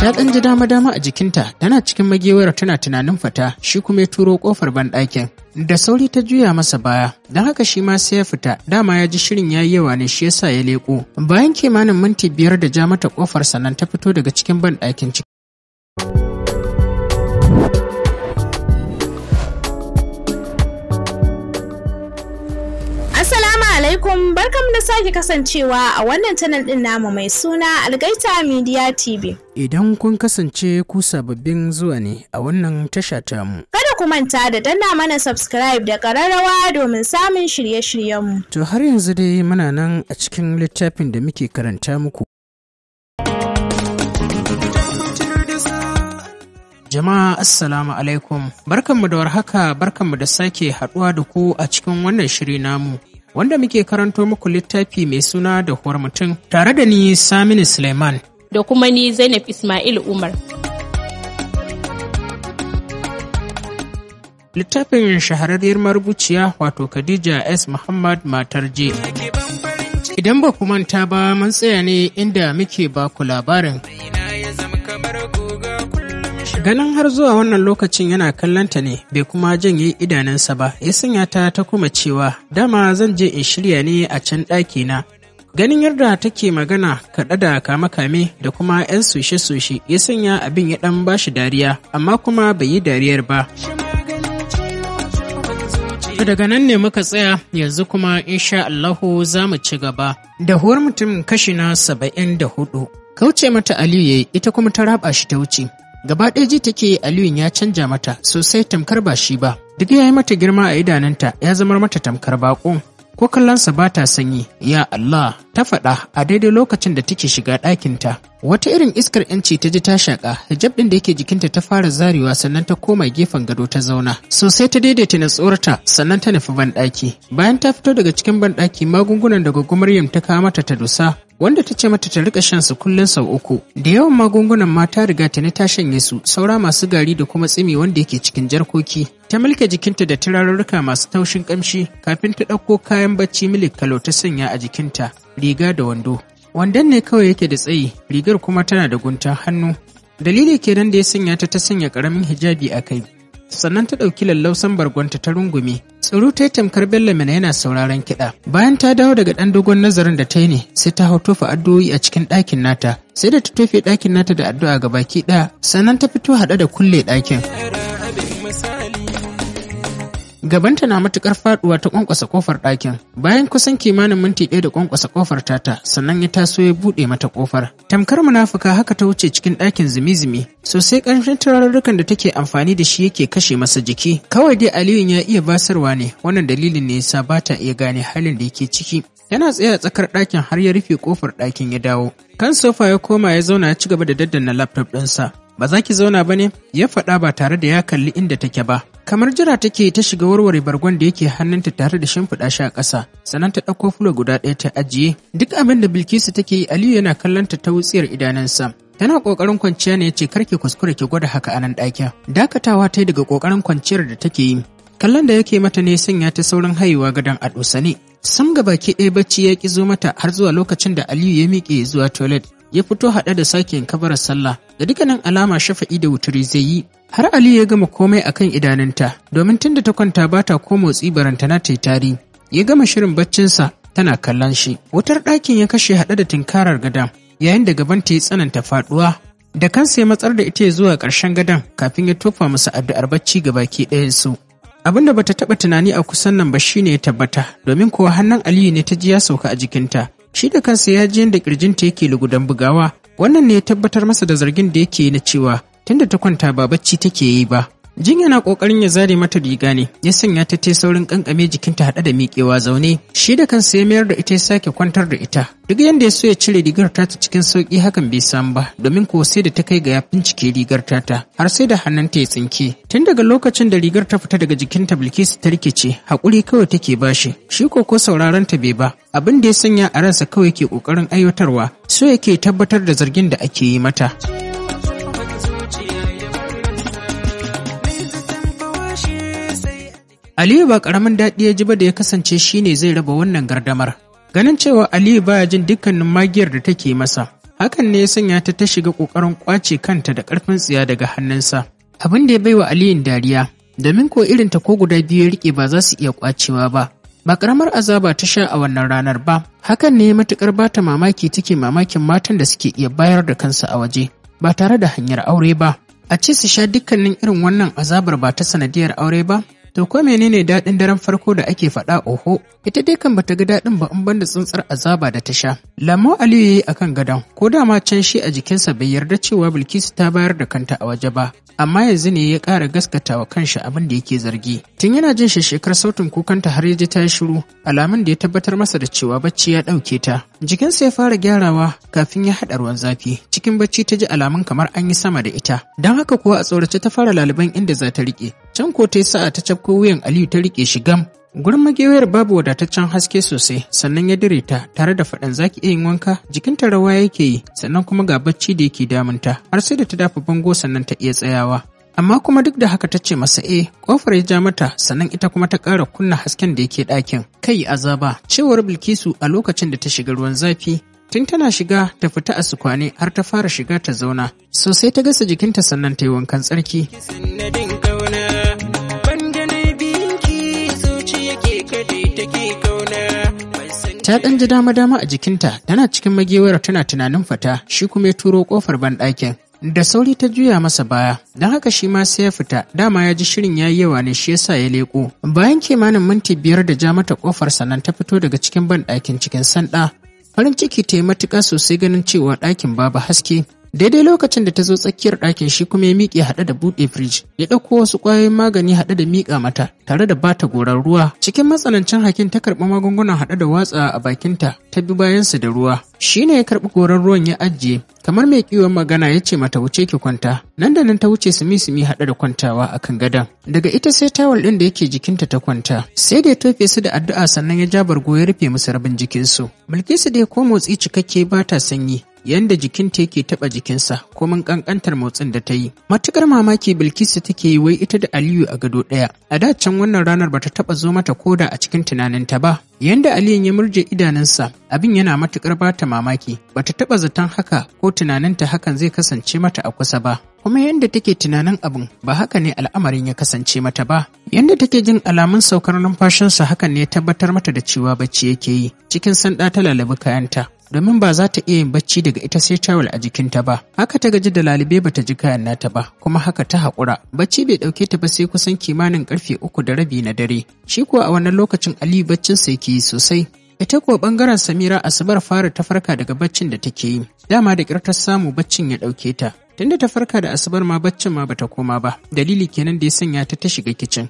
Ta ɗan ji dama-dama a jikinta, tana cikin magewar tana tunanin fata shi kuma ya turo ƙofar banɗakin. Da sauri ta juya masa baya, don haka shi ma sai ya fita, dama ya ji shirin ya yi yawa ne shi yasa ya leƙo. Bayan kimanin minti biyar da ja mata ƙofar sannan ta fito daga cikin banɗakin alaikum barkam da sake kasancewa a wannan channel din namu mai suna Algaita Media TV. Idan kun kasance ku sababbin zuwa ne a wannan tasha mu. Kada ku manta da danna mana subscribe da kararrawa domin samun shirye shiryen mu To har yanzu dai muna nan a cikin littafin da muke karanta muku. Jama'a Assalamu alaikum. Barkanmu da warhaka, barkanmu da sake haɗuwa da ku a cikin wannan shiri namu. wanda muke karanto muku littafi mai suna da huwar mutum tare da ni Saminu Suleiman. Da kuma ni Zainab Ismail Umar. Littafin shahararriyar marubuciya wato Khadija S. Muhammad matar je. Idan ba ku manta ba mun tsaya ne inda muke ba ku labarin. ganin har zuwa wannan lokacin yana kallanta ne bai kuma janye idanunsa ba ya sanya ta ta kuma cewa dama zan je in shirya ne a can ɗaki na ganin yadda take magana kaɗa da kame-kame da kuma 'yan sushe-sushe ya sanya abin ya ɗan bashi dariya amma kuma bai yi dariyar ba daga nan ne muka tsaya yanzu kuma insha Allahu za mu ci gaba dahuwar mutum kashi na saba'in da hudu kauce mata aliyu yayi ita kuma ta raba shi ta wuce gaba ɗaya ji take aliyun ya canja mata sosai tamkar ba shi ba duk ya yi mata girma a idanunta ya zama mata tamkar baƙo ko kallonsa ba ta sanyi ya Allah ta faɗa a daidai lokacin da take shiga ɗakinta wata irin iskar yanci ta ji ta shaƙa hijab ɗin da yake jikinta ta fara zarewa sannan ta koma gefen gado ta zauna sosai ta daidaita na tsorata sannan ta nufi banɗaki bayan ta fito daga cikin banɗaki magungunan daga gwagwamaryam ta kawo mata ta dusa wanda ta ce mata ta rika shan su kullum sau uku da yawan magungunan mata riga ta ta shanye su saura masu gari da kuma tsimi wanda yake cikin jarkoki ta mulke jikinta da turarurruka masu taushin kamshi kafin ta ɗauko kayan bacci milik kalo ta sanya a jikinta riga da wando wandon ne kawai yake da tsayi rigar kuma tana da guntun hannu dalili kenan da ya sanya ta ta sanya karamin hijabi a kai sannan ta ɗauki lallausan bargonta ta rungume Tsoro ta tamkar Bello mena yana sauraron kiɗa. Bayan ta dawo daga ɗan dogon nazarin da ta yi ne, sai ta hau tofa addu'o'i a cikin ɗakin nata. Sai da ta tofe ɗakin nata da addu'a ga baki ɗaya, sannan ta fito haɗe da kulle ɗakin. Gabanta na matukar faduwa ta kwankwasa kofar ɗakin. Bayan kusan kimanin minti ɗaya da kwankwasa kofar tata, sannan ya taso ya buɗe mata kofar. Tamkar munafuka haka ta wuce cikin ɗakin zumi-zumi sosai ƙarfin turarurrukan da take amfani da shi yake kashe masa jiki. Kawai dai Aliyun ya iya basarwa ne, wannan dalilin ne yasa ba ta iya gane halin da yake ciki. Yana tsaya tsakar ɗakin har ya rufe kofar ɗakin ya dawo. Kan sofa ya koma ya zauna ya ci gaba da daddana laptop ɗinsa. Ba za ki zauna ba ne? Ya faɗa ba tare da ya kalli inda take ba. kamar jira take ta shiga warware bargon da yake hannunta tare da shimfiɗa shi a ƙasa sannan ta ɗauko fulo guda ɗaya ta ajiye duk abin da bilkisu take yi aliyu yana kallon ta ta wutsiyar idanunsa tana ƙoƙarin kwanciya ne ya ce karki kuskure ki gwada haka a nan ɗakin dakatawa ta daga ƙoƙarin kwanciyar da take yi kallon da yake mata ne sanya ta saurin haihuwa gadon a dusane sam ga baki ɗaya bacci ya ƙi zo mata har zuwa lokacin da aliyu ya miƙe zuwa toilet ya fito haɗe da sake kabarar sallah da dukkanin alama shafa'i da wuturi zai yi har ali ya gama komai akan idanunta domin tunda ta kwanta ba ta ko motsi barantana ta yi tari ya gama shirin baccinsa tana kallon shi wutar ɗakin ya kashe haɗe da tinkarar gadon yayin da gaban ta yi tsananta faɗuwa da kansa ya matsar da ita zuwa ƙarshen gadon kafin ya tofa masa addu'ar bacci ga baki ɗayansu abin da bata taɓa tunani a kusan nan ba shine ya tabbata domin kuwa hannun aliyu ne ta ji ya sauka a jikinta shi da kansa ya ji yadda ƙirjinta yake lugudan bugawa wannan ne ya tabbatar masa da zargin da yake na cewa tunda ta kwanta ba bacci take yi ba Jin yana kokarin ya zare mata riga ne, ya sanya ta tai saurin kankame jikinta haɗe da miƙewa zaune. Shi da kansa ya mayar da ita ya sake kwantar da ita. Duk yadda ya so ya cire rigar tata cikin sauki hakan bai samu ba, domin ko sai da ta kai ga ya cike rigar tata. har sai da hannunta ya tsinke. Tun daga lokacin da rigar ta fita daga jikinta Bilkisu ta rikice, haƙuri kawai take bashi. Shi ko ko sauraron ta bai ba, abin da ya sanya a ransa kawai ke ƙoƙarin aiwatarwa, so yake tabbatar da zargin da ake yi mata. Aliyu ba ƙaramin daɗi ya ji ba da ya kasance shi ne zai raba wannan gardamar. Ganin cewa Aliyu baya jin dukkanin magiyar da take masa, hakan ne ya sanya ta ta shiga ƙoƙarin ƙwace kanta da ƙarfin tsiya daga hannunsa. Abin da ya baiwa Aliyu dariya, domin ko irin ta ko guda biyu ya riƙe ba za su iya ƙwacewa ba. Ba ƙaramar azaba ta sha a wannan ranar ba, hakan ne matuƙar ba ta mamaki take mamakin matan da suke iya bayar da kansa a waje, ba tare da hanyar aure ba. A ce su sha dukkanin irin wannan azabar ba ta sanadiyar aure ba, To ko menene daɗin daren farko da ake faɗa oho? Ita dai kan bata ga daɗin ba in banda tsuntsar azaba da ta sha. Lamo Aliyu yayi akan gadon, ko da ma can shi a jikinsa bai yarda cewa Bilkisu ta bayar da kanta a waje ba, amma yanzu ne ya ƙara gaskata wa kanshi abin da yake zargi. Tun yana jin shekar sautin kukanta har ya ji ta shiru, alamun da ya tabbatar masa da cewa bacci ya ɗauke ta. Jikinsa ya fara gyarawa kafin ya haɗa ruwan zafi. Cikin bacci ta ji alamun kamar an yi sama da ita. Don haka kuwa a tsorace ta fara laliban inda za ta riƙe. Can ko ta yi sa'a ta cafko wuyan Aliyu ta riƙe shi gam. Gurin magewayar babu wadataccen haske sosai sannan ya dire ta tare da faɗan zaki iya yin wanka jikinta rawa yake yi sannan kuma ga bacci da yake damunta har sai da ta dafa bango sannan ta iya tsayawa. Amma kuma duk da haka ta ce masa e, eh, kofar ya ja mata sannan ita kuma ta ƙara kunna hasken da yake ɗakin. Kai azaba, cewar Bilkisu a lokacin da ta shiga ruwan zafi, tun tana shiga ta fita a sukwane har ta fara shiga ta zauna. Sosai ta gasa jikinta sannan ta yi wankan tsarki. ta ɗan ji dama-dama a jikinta tana cikin magewar tana tunanin fata, shi kuma ya turo ƙofar banɗakin da sauri ta juya masa baya don haka shi ma sai ya fita dama ya ji shirin ya yi yawa ne shi yasa ya leko bayan kimanin minti biyar da ja mata kofar sannan ta fito daga cikin banɗakin cikin sanda farin ciki ta yi matuƙa sosai ganin cewa ɗakin babu haske daidai lokacin da ta zo tsakiyar ɗakin shi kuma ya miƙe haɗe da buɗe firij ya ɗauko wasu ƙwayoyin magani haɗe da miƙa mata tare da bata goran ruwa cikin matsanancin hakin ta karɓi magungunan haɗe da watsa a bakinta ta bi bayansu da ruwa shi ne ya karɓi goran ruwan ya ajiye kamar mai ƙiwon magana ya ce mata wuce ki kwanta nan da nan ta wuce sumi sumi haɗe da kwantawa a kan gadon daga ita sai tawul ɗin da yake jikinta ta kwanta sai da ya tofe su da addu'a sannan ya ja bargo ya rufe musu rabin jikinsu bilkisu dai ko motsi cikakke ba ta sanyi Yanda jikinta yake taɓa jikinsa komin kankantar motsin da ta yi. Matukar mamaki Bilkisu take yi wai ita da Aliyu a gado ɗaya. A da can wannan ranar bata taba zo mata koda a cikin tunaninta ba. Yanda Aliyu ya murje idanunsa abin yana matukar bata mamaki bata taba zaton haka ko tunaninta hakan zai kasance mata a kusa ba. kuma yadda take tunanin abin ba haka ne al'amarin ya kasance mata ba yadda take jin alamun saukar numfashinsa hakan ne ya tabbatar mata da cewa bacci yake yi cikin sanda ta lalabi kayanta domin ba za ta iya yin bacci daga ita sai tawul a jikinta ba haka ta gaji da lalibe ba ta ji kayan nata ba kuma haka ta haƙura bacci bai ɗauke ta ba sai kusan kimanin ƙarfe uku da rabi na dare shi kuwa a wannan lokacin aliyu baccin baccinsa yake yi sosai ita kuwa ɓangaren samira asabar fara ta farka daga baccin da take yi dama da ƙyar samu baccin ya ɗauke ta Tunda ta farka da asabar ma baccin ma bata koma ba, dalili kenan da ya sanya ta ta shiga kicin.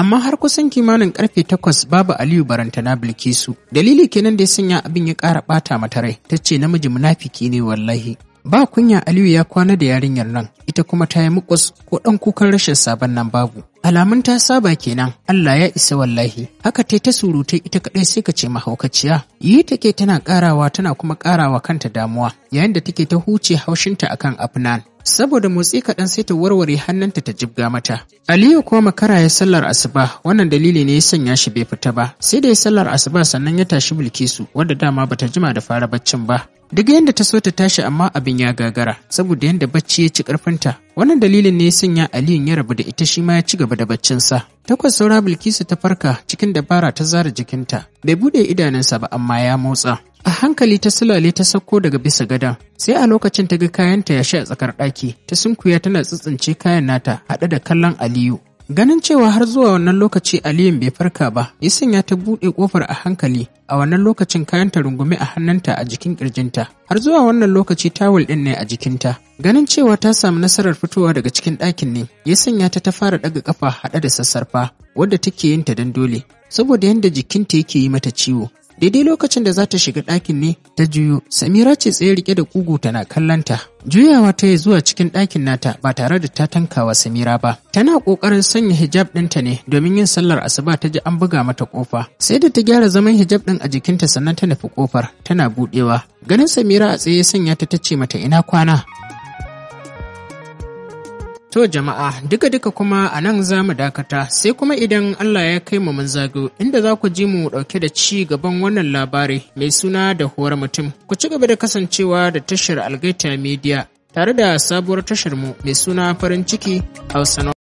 Amma har kusan kimanin karfe takwas babu Aliyu barantana Bilkisu, dalili kenan da ya sanya abin ya kara ɓata mata rai, ta ce namiji munafiki ne wallahi. Ba kunya Aliyu ya kwana da yarinyar nan, ita kuma ta yi mukus ko ɗan kukan rashin sabon nan babu. alamun ta saba kenan Allah ya isa wallahi haka tai ta surutai ita kaɗai sai ka ce mahaukaciya yi take tana ƙarawa tana kuma ƙarawa kanta damuwa yayin da take ta huce haushinta akan afnan saboda motsi kaɗan sai ta warware hannunta ta jibga mata. Aliyu kuma makara ya sallar asuba wannan dalili ne ya sanya shi bai fita ba sai da ya sallar asuba sannan ya tashi Bilkisu wadda dama bata jima da fara baccin ba. Daga yadda ta so ta tashi amma abin ya gagara saboda yadda bacci ya ci karfinta. Wannan dalilin ne sanya Aliyun ya rabu da ita shi ma ya ci gaba da baccinsa. Takwas saura Bilkisu ta farka cikin dabara ta zara jikinta. Bai bude idanunsa ba amma ya motsa. A hankali ta sulale ta sauko daga bisa gadon, sai a lokacin ta ga kayanta ya sha a tsakar ɗaki, ta sunkuya tana tsitsince kayan nata haɗe da kallon Aliyu. Ganin cewa har zuwa wannan lokaci Aliyun bai farka ba, ya sanya ta buɗe ƙofar a hankali a wannan lokacin kayan ta rungume a hannunta a jikin ƙirjinta. Har zuwa wannan lokaci tawul ɗin ne a jikinta. Ganin cewa ta samu nasarar fitowa daga cikin ɗakin ne, ya sanya ta ta fara ɗaga ƙafa haɗe da sassarfa, wadda take yin ta don dole, saboda yadda jikinta yake yi mata ciwo. daidai lokacin da za ta shiga ɗakin ne ta juyo samira ce tsaye rike da kugu tana kallanta juyawa ta yi zuwa cikin ɗakin nata ba tare da ta tankawa samira ba tana ƙoƙarin sanya hijab ɗinta ne domin yin sallar asuba ta ji an buga mata ƙofa sai da ta gyara zaman hijab ɗin a jikinta sannan ta nufi ƙofar tana buɗewa ganin samira a tsaye sanya ta ta ce mata ina kwana To jama'a duka-duka kuma a nan za mu dakata sai kuma idan Allah ya kai mu mun zago inda za ku ji mu ɗauke da ci gaban wannan labari mai suna da huwar mutum. Ku ci gaba da kasancewa da tashar Algaita Media tare da sabuwar tashar mu mai suna farin ciki Hausa